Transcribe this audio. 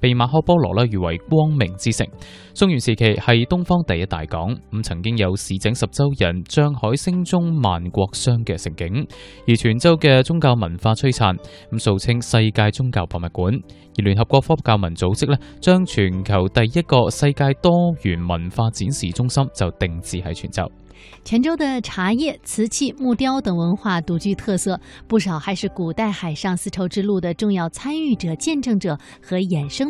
被、馬可波羅啦譽為光明之城，宋元時期係東方第一大港，咁曾經有市井十洲人，漲海聲中萬國商嘅盛景。而泉州嘅宗教文化璀璨，咁素稱世界宗教博物館。而聯合國科教文組織呢，將全球第一個世界多元文化展示中心就定置喺泉州。泉州嘅茶葉、瓷器、木雕等文化獨具特色，不少還是古代海上絲綢之路的重要參與者、見證者和衍生